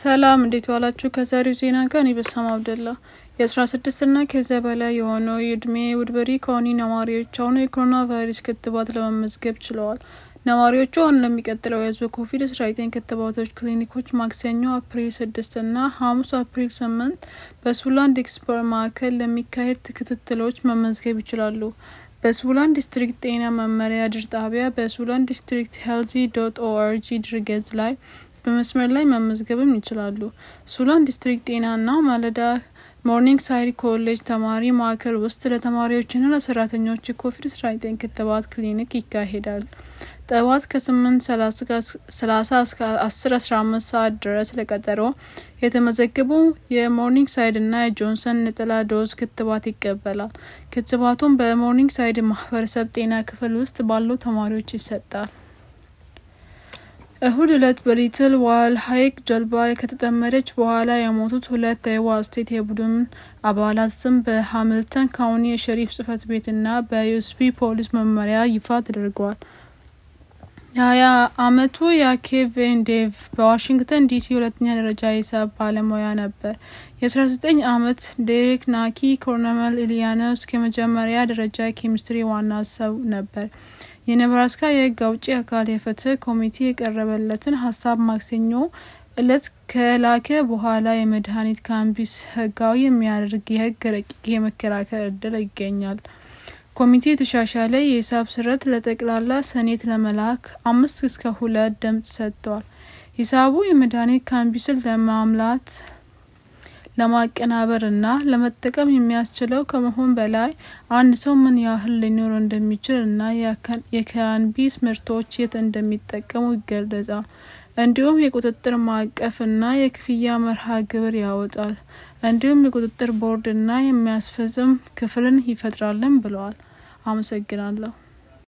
ሰላም እንዴት ዋላችሁ? ከዛሬው ዜና ጋር እኔ በሳም አብደላ። የአስራ ስድስት ና ከዚያ በላይ የሆነው የእድሜ ውድበሪ ከሆኒ ነዋሪዎች አሁኑ የኮሮና ቫይረስ ክትባት ለመመዝገብ ችለዋል። ነዋሪዎቹ አሁን ለሚቀጥለው የህዝብ ኮቪድ አስራ ዘጠኝ ክትባቶች ክሊኒኮች ማክሰኞ አፕሪል ስድስት ና ሐሙስ አፕሪል ስምንት በሱላንድ ኤክስፐር ማዕከል ለሚካሄድ ክትትሎች መመዝገብ ይችላሉ። በሱላን ዲስትሪክት ጤና መመሪያ ድር ጣቢያ በሱላንድ ዲስትሪክት ሄልዚ ዶት ኦአርጂ ላይ በመስመር ላይ መመዝገብም ይችላሉ። ሱላን ዲስትሪክት ጤናና ማለዳ ሞርኒንግ ሳይድ ኮሌጅ ተማሪ ማዕከል ውስጥ ለተማሪዎችና ለሰራተኞች የኮቪድ አስራ ዘጠኝ ክትባት ክሊኒክ ይካሄዳል። ጠዋት ከስምንት ሰላሳ እስከ አስር አስራ አምስት ሰዓት ድረስ ለቀጠሮ የተመዘገቡ የሞርኒንግ እና የጆንሰን ነጠላ ዶዝ ክትባት ይቀበላል። ክትባቱም በሞርኒንግ ሳይድ ማህበረሰብ ጤና ክፍል ውስጥ ባሉ ተማሪዎች ይሰጣል። እሁድ ዕለት በሊትል ዋል ሀይቅ ጀልባ ከተጠመደች በኋላ የሞቱት ሁለት የዋ ስቴት የቡድን አባላት ስም በሃምልተን ካውኒ የሸሪፍ ጽህፈት ቤትና በዩስፒ ፖሊስ መመሪያ ይፋ ተደርገዋል። የሀያ አመቱ የኬቪን ዴቭ በዋሽንግተን ዲሲ ሁለተኛ ደረጃ የሂሳብ ባለሙያ ነበር። አስራ ዘጠኝ አመት ዴሪክ ናኪ ኮሎኔል ኢሊያኖስ የመጀመሪያ ደረጃ ኬሚስትሪ ዋና ሰው ነበር። የነብራስካ የህግ አውጪ አካል የፍትህ ኮሚቴ የቀረበለትን ሀሳብ ማክሰኞ እለት ከላከ በኋላ የመድኃኒት ካንቢስ ህጋዊ የሚያደርግ የህግ ረቂቅ የመከራከር እድል ይገኛል። ኮሚቴ የተሻሻለ የሂሳብ ስረት ለጠቅላላ ሰኔት ለመላክ አምስት እስከ ሁለት ድምጽ ሰጥተዋል። ሂሳቡ የመድኃኒት ካንቢስን ለማምላት ለማቀናበር እና ለመጠቀም የሚያስችለው ከመሆን በላይ አንድ ሰው ምን ያህል ሊኖረ እንደሚችል እና የካንቢስ ምርቶች የት እንደሚጠቀሙ ይገለጻል። እንዲሁም የቁጥጥር ማዕቀፍ እና የክፍያ መርሃ ግብር ያወጣል። እንዲሁም የቁጥጥር ቦርድ እና የሚያስፈጽም ክፍልን ይፈጥራልን ብለዋል። አመሰግናለሁ።